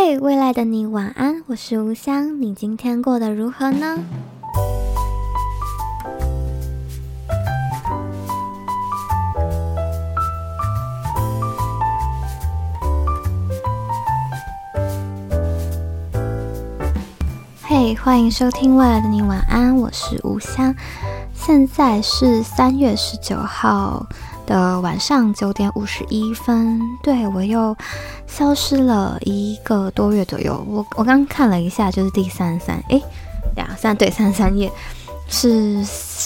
嘿，hey, 未來的你晚安，我是吳湘，你今天過得如何呢？嘿，hey, 歡迎收聽未來的你晚安，我是吳湘，現在是三月十九號。的晚上九點五十一分，對，我又消失了一個多月左右。我我剛看了一下，就是第三三，哎兩三，對，三三夜，是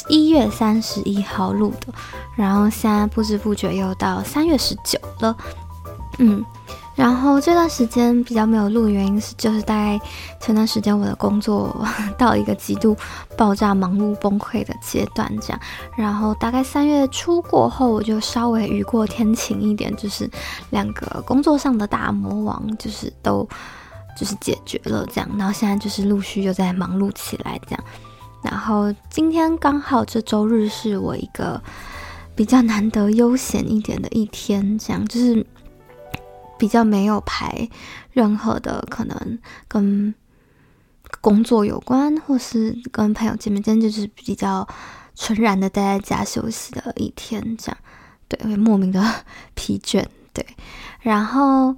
一月三十一號錄的，然後現在不知不覺又到三月十九了，嗯。然後這段時間比較沒有錄，原因是就是大概前段時間我的工作到一個極度爆炸、忙碌、崩潰的階段，這樣。然後大概三月初過後，我就稍微雨過天晴一點，就是兩個工作上的大魔王就是都就是解決了這樣。然後現在就是陸續又在忙碌起來這樣。然後今天剛好這週日是我一個比較難得悠閒一點的一天，這樣就是。比較沒有排任何的可能跟工作有關，或是跟朋友見面，今天就是比較純然的待在家休息的一天，這樣，對，會莫名的疲倦。對，然後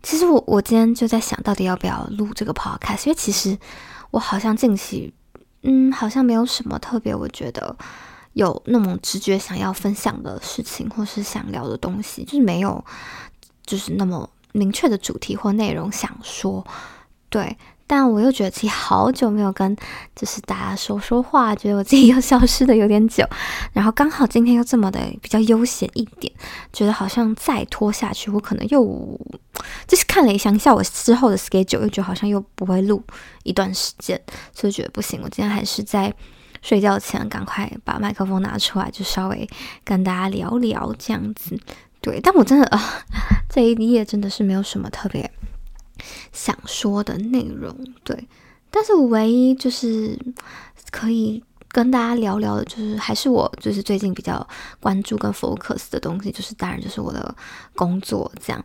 其實我我今天就在想到底要不要錄這個 podcast，因為其實我好像近期，嗯，好像沒有什麼特別，我覺得有那麼直覺想要分享的事情，或是想聊的東西，就是沒有。就是那麼明確的主題或內容想說，對，但我又覺得自己好久沒有跟就是大家說說話，覺得我自己又消失的有點久，然後剛好今天又這麼的比較悠閒一點，覺得好像再拖下去，我可能又就是看了一下我之後的 schedule，又覺得好像又不會錄一段時間，所以覺得不行，我今天還是在睡覺前趕快把麥克風拿出來，就稍微跟大家聊聊這樣子，對，但我真的啊。呃這一夜真的是沒有什麼特別想說的內容，對。但是唯一就是可以跟大家聊聊的，就是還是我就是最近比較關注跟 focus 的東西，就是當然就是我的工作這樣。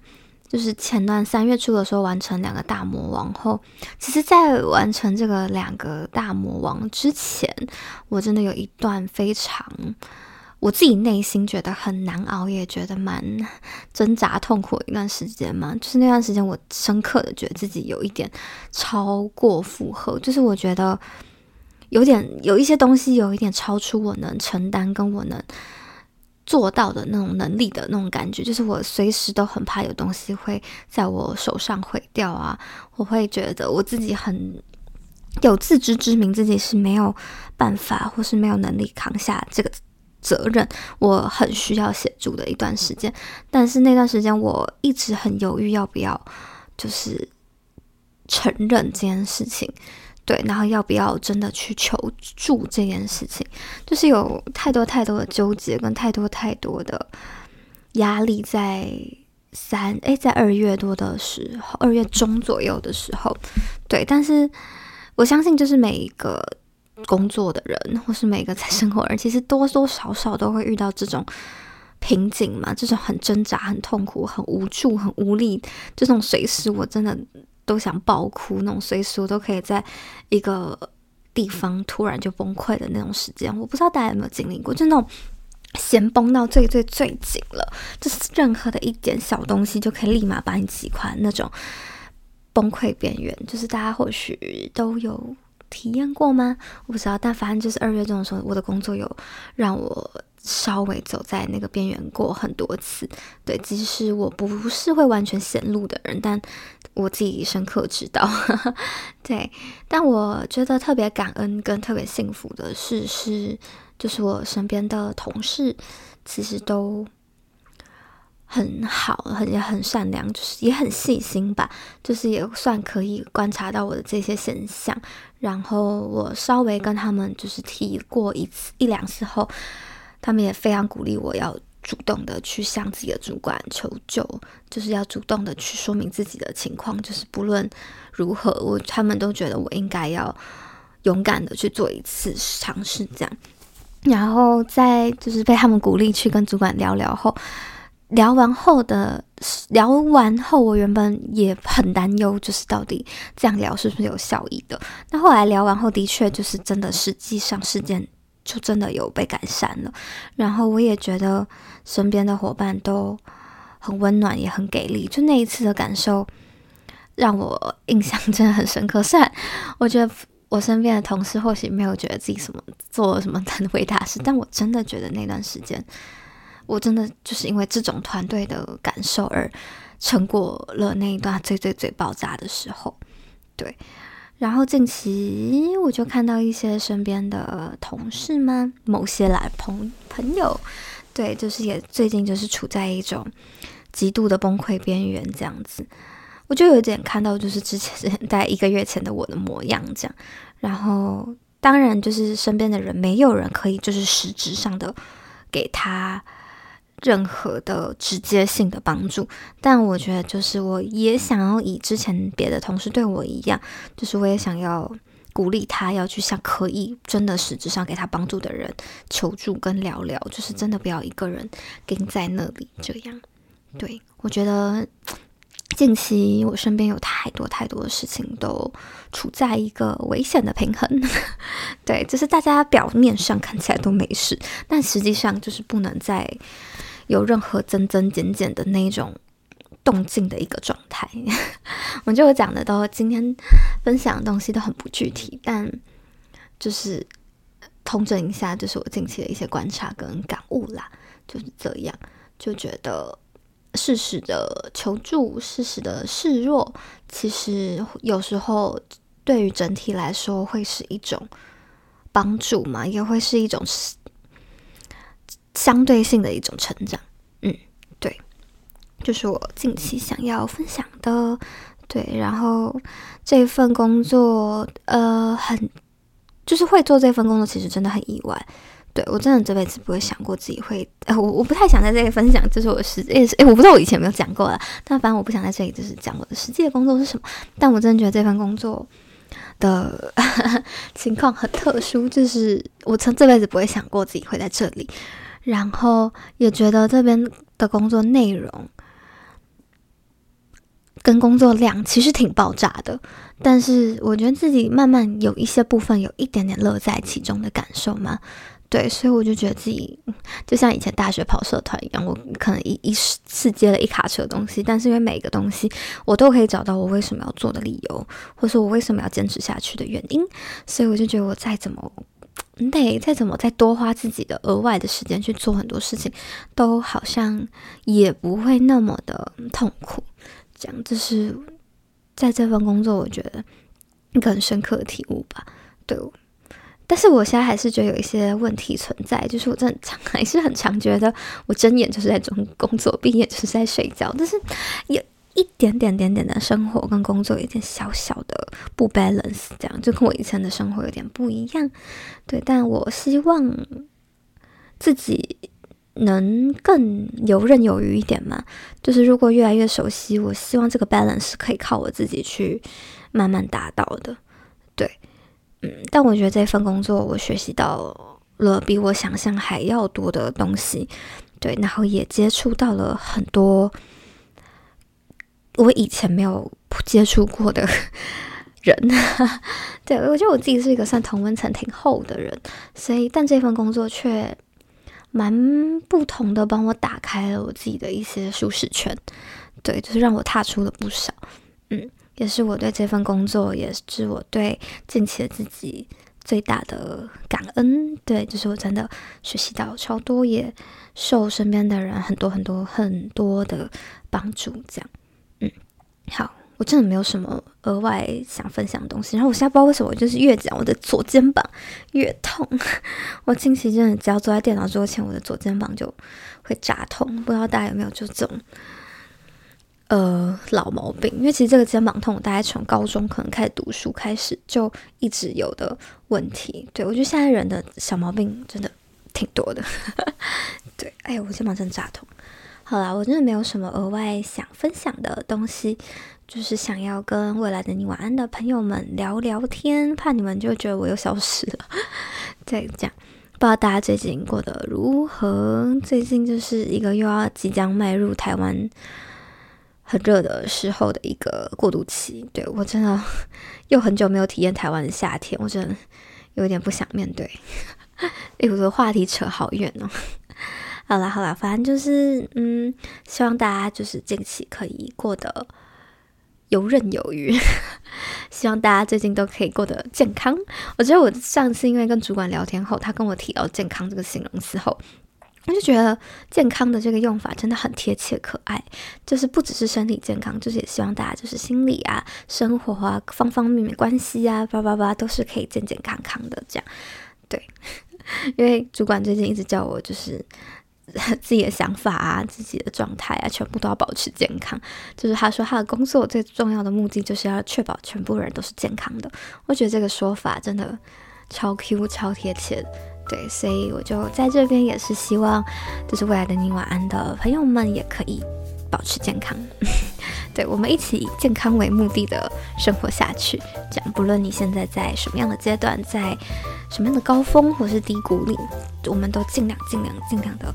就是前段三月初的時候完成兩個大魔王後，其實在完成這個兩個大魔王之前，我真的有一段非常。我自己內心覺得很難熬，也覺得蠻掙扎、痛苦一段時間嘛。就是那段時間，我深刻的覺得自己有一點超過負荷，就是我覺得有點有一些東西有一點超出我能承擔跟我能做到的那種能力的那種感覺。就是我隨時都很怕有東西會在我手上毀掉啊。我會覺得我自己很有自知之明，自己是沒有辦法或是沒有能力扛下這個責任，我很需要協助的一段時間，但是那段時間我一直很猶豫要不要，就是承認這件事情，對，然後要不要真的去求助這件事情，就是有太多太多的糾結跟太多太多的壓力在三，誒，在二月多的時候，二月中左右的時候，對，但是我相信就是每一個。工作的人，或是每個在生活，而其實多多少少都會遇到這種瓶頸嘛，這種很掙扎、很痛苦、很無助、很無力，這種隨時我真的都想爆哭，那種隨時我都可以在一個地方突然就崩潰的那種時間，我不知道大家有沒有經歷過，就那種弦繃到最最最緊了，就是任何的一點小東西就可以立馬把你擠垮，那種崩潰邊緣，就是大家或許都有。體驗過嗎？我不知道，但反正就是二月這種時候，我的工作有讓我稍微走在那個邊緣過很多次。對，其實我不是會完全顯露的人，但我自己深刻知道。 對，但我覺得特別感恩跟特別幸福的事是，就是我身邊的同事，其實都。很好，很也很善良，就是也很細心吧，就是也算可以觀察到我的這些現象。然後我稍微跟他們就是提過一次一兩次後，他們也非常鼓勵我要主動的去向自己的主管求救，就是要主動的去說明自己的情況，就是不論如何，我他們都覺得我應該要勇敢的去做一次嘗試，這樣。然後在就是被他們鼓勵去跟主管聊聊後。聊完後的聊完後，我原本也很擔憂，就是到底這樣聊是不是有效益的？那後來聊完後，的確就是真的，實際上事件就真的有被改善了。然後我也覺得身邊的夥伴都很溫暖，也很給力。就那一次的感受，讓我印象真的很深刻。雖然我覺得我身邊的同事或許沒有覺得自己什麼做了什麼偉大事，但我真的覺得那段時間，我真的就是因為這種團隊的感受而撐過了那一段最最最爆炸的時候，對。然後近期我就看到一些身邊的同事們，某些來朋朋友，對，就是也最近就是處在一種極度的崩潰邊緣這樣子，我就有點看到就是之前在一個月前的我的模樣這樣。然後當然就是身邊的人沒有人可以就是實質上的給他。任何的直接性的幫助，但我覺得就是我也想要以之前別的同事對我一樣，就是我也想要鼓勵他要去向可以真的實質上給他幫助的人求助跟聊聊，就是真的不要一個人盯在那裡這樣。對，我覺得近期我身邊有太多太多的事情都處在一個危險的平衡， 對，就是大家表面上看起來都沒事，但實際上就是不能再。有任何增增減減的那種動靜的一個狀態， 我就講的都今天分享的東西都很不具體，但就是通證一下，就是我近期的一些觀察跟感悟啦，就是這樣，就覺得適時的求助，適時的示弱，其實有時候對於整體來說會是一種幫助嘛，也會是一種。相對性的一種成長，嗯，對，就是我近期想要分享的，對，然後這份工作，呃，很就是會做這份工作，其實真的很意外，對我真的這輩子不會想過自己會，呃、我我不太想在這裡分享，就是我實際，誒，我不知道我以前沒有講過了，但反正我不想在這裡就是講我的實際的工作是什麼，但我真的覺得這份工作的 情況很特殊，就是我曾這輩子不會想過自己會在這裡。然後也覺得這邊的工作內容跟工作量其實挺爆炸的，但是我覺得自己慢慢有一些部分有一點點樂在其中的感受嘛。對，所以我就覺得自己就像以前大學跑社團一樣，我可能一一次接了一卡車的東西，但是因為每一個東西我都可以找到我為什麼要做的理由，或是我為什麼要堅持下去的原因，所以我就覺得我再怎麼。得再怎麼再多花自己的額外的時間去做很多事情，都好像也不會那麼的痛苦。這樣，就是在這份工作，我覺得一個很深刻的體悟吧。對，但是我現在還是覺得有一些問題存在，就是我真的很常，還是很常覺得我睜眼就是在做工作，閉眼就是在睡覺，但是也。一點點點點的生活跟工作有點小小的不 balance，這樣就跟我以前的生活有點不一樣。對，但我希望自己能更遊刃有餘一點嘛。就是如果越來越熟悉，我希望這個 balance 可以靠我自己去慢慢達到的。對，嗯，但我覺得這份工作我學習到了比我想象還要多的東西。對，然後也接觸到了很多。我以前沒有接觸過的人， 對，我覺得我自己是一個算同溫層挺厚的人，所以但這份工作卻蠻不同的，幫我打開了我自己的一些舒適圈，對，就是讓我踏出了不少。嗯，也是我對這份工作，也是我對近期的自己最大的感恩。對，就是我真的學習到超多，也受身邊的人很多很多很多的幫助，這樣。嗯，好，我真的沒有什麼額外想分享的東西。然後我現在不知道為什麼，我就是越講，我的左肩膀越痛。我近期真的只要坐在電腦桌前，我的左肩膀就會炸痛。不知道大家有沒有就這種呃老毛病？因為其實這個肩膀痛，大家從高中可能開始讀書開始就一直有的問題。對，我覺得現在人的小毛病真的挺多的。 對，哎呀，我肩膀真的炸痛。好啦，我真的沒有什麼額外想分享的東西，就是想要跟未來的你晚安的朋友們聊聊天，怕你們就覺得我又消失了。再講，不知道大家最近過得如何？最近就是一個又要即將邁入台灣很熱的時候的一個過渡期。對，我真的又很久沒有體驗台灣的夏天，我真的有點不想面對。哎，我的話題扯好遠哦。好啦好啦，反正就是，嗯，希望大家就是近期可以過得游刃有餘， 希望大家最近都可以過得健康。我覺得我上次因為跟主管聊天後，他跟我提到“健康”這個形容詞後，我就覺得“健康的”這個用法真的很貼切可愛。就是不只是身體健康，就是也希望大家就是心理啊、生活啊、方方面面關係啊，叭叭叭都是可以健健康康的這樣。對，因為主管最近一直叫我就是。自己的想法啊，自己的狀態啊，全部都要保持健康。就是他說他的工作最重要的目的就是要確保全部人都是健康的。我覺得這個說法真的超 Q、超貼切，對，所以我就在這邊也是希望，就是未來的你晚安的朋友們也可以。保持健康， 對，我們一起以健康為目的的生活下去。這樣，不論你現在在什麼樣的階段，在什麼樣的高峰或是低谷裡，我們都盡量、盡量、盡量的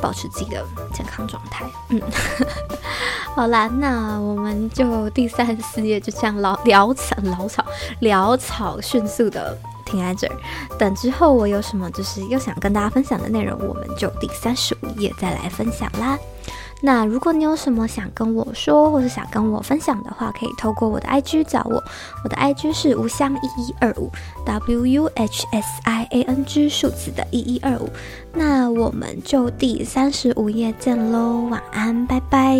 保持自己的健康狀態。嗯， 好啦，那我們就第三十四夜就這樣潦潦草、潦草、潦草，迅速的停在這兒。等之後我有什麼就是又想跟大家分享的內容，我們就第三十五夜再來分享啦。那如果你有什麼想跟我說，或是想跟我分享的話，可以透過我的 IG 找我。我的 IG 是無香一一二五，W U H S I A N G 數字的一一二五。那我們就第三十五夜見嘍，晚安，拜拜。